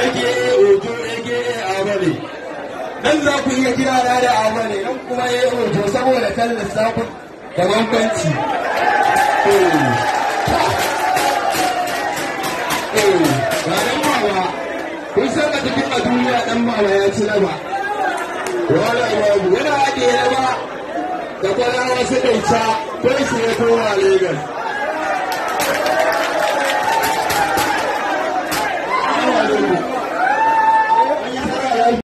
ege hoto ege amale nan za ku iya kira na da amale nan kuma ya hoto saboda kan lissafin da bambanci ba eh. eh, dan mawa kun san a cikin a duniya dan mawa ya ci raba wala babu yana ake raba da kwalawa wasu yi ca kai su ya kowa Legas.